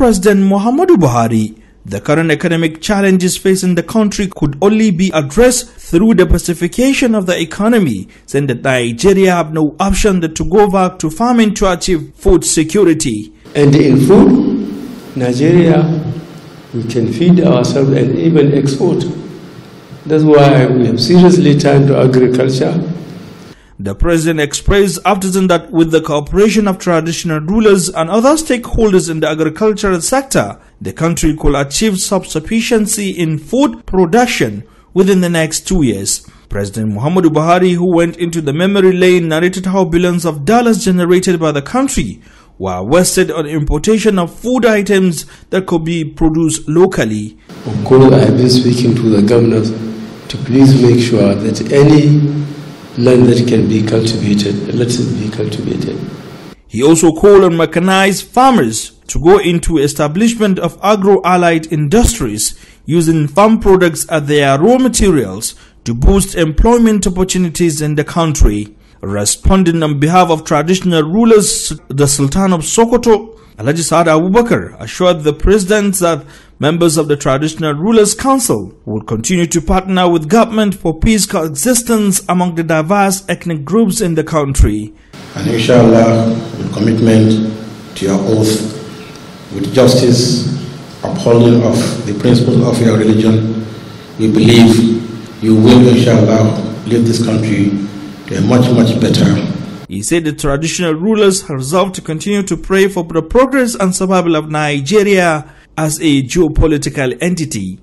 President Muhammadu Buhari the current economic challenges facing the country could only be addressed through the pacification of the economy, saying that Nigeria have no option but to go back to farming to achieve food security. And in food, Nigeria, we can feed ourselves and even export. That's why we have seriously turned to agriculture the president expressed optimism that with the cooperation of traditional rulers and other stakeholders in the agricultural sector, the country could achieve self-sufficiency in food production within the next two years. President Muhammadu Buhari, who went into the memory lane, narrated how billions of dollars generated by the country were wasted on importation of food items that could be produced locally. Of course, I have been speaking to the governors to please make sure that any land that can be cultivated, let it be cultivated. He also called on mechanized farmers to go into establishment of agro-allied industries using farm products as their raw materials to boost employment opportunities in the country. Responding on behalf of traditional rulers, the Sultan of Sokoto, Alhaji Saad Abubakar assured the president that members of the traditional rulers' council will continue to partner with government for peace coexistence among the diverse ethnic groups in the country. And inshallah, with commitment to your oath, with justice, upholding of the principles of your religion, we believe you will, inshallah, Leave this country to a much, much better he said the traditional rulers have resolved to continue to pray for the progress and survival of Nigeria as a geopolitical entity.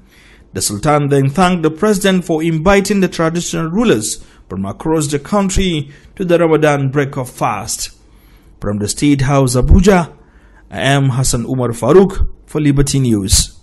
The Sultan then thanked the president for inviting the traditional rulers from across the country to the Ramadan break of fast. From the State House Abuja, I am Hassan Umar Farouk for Liberty News.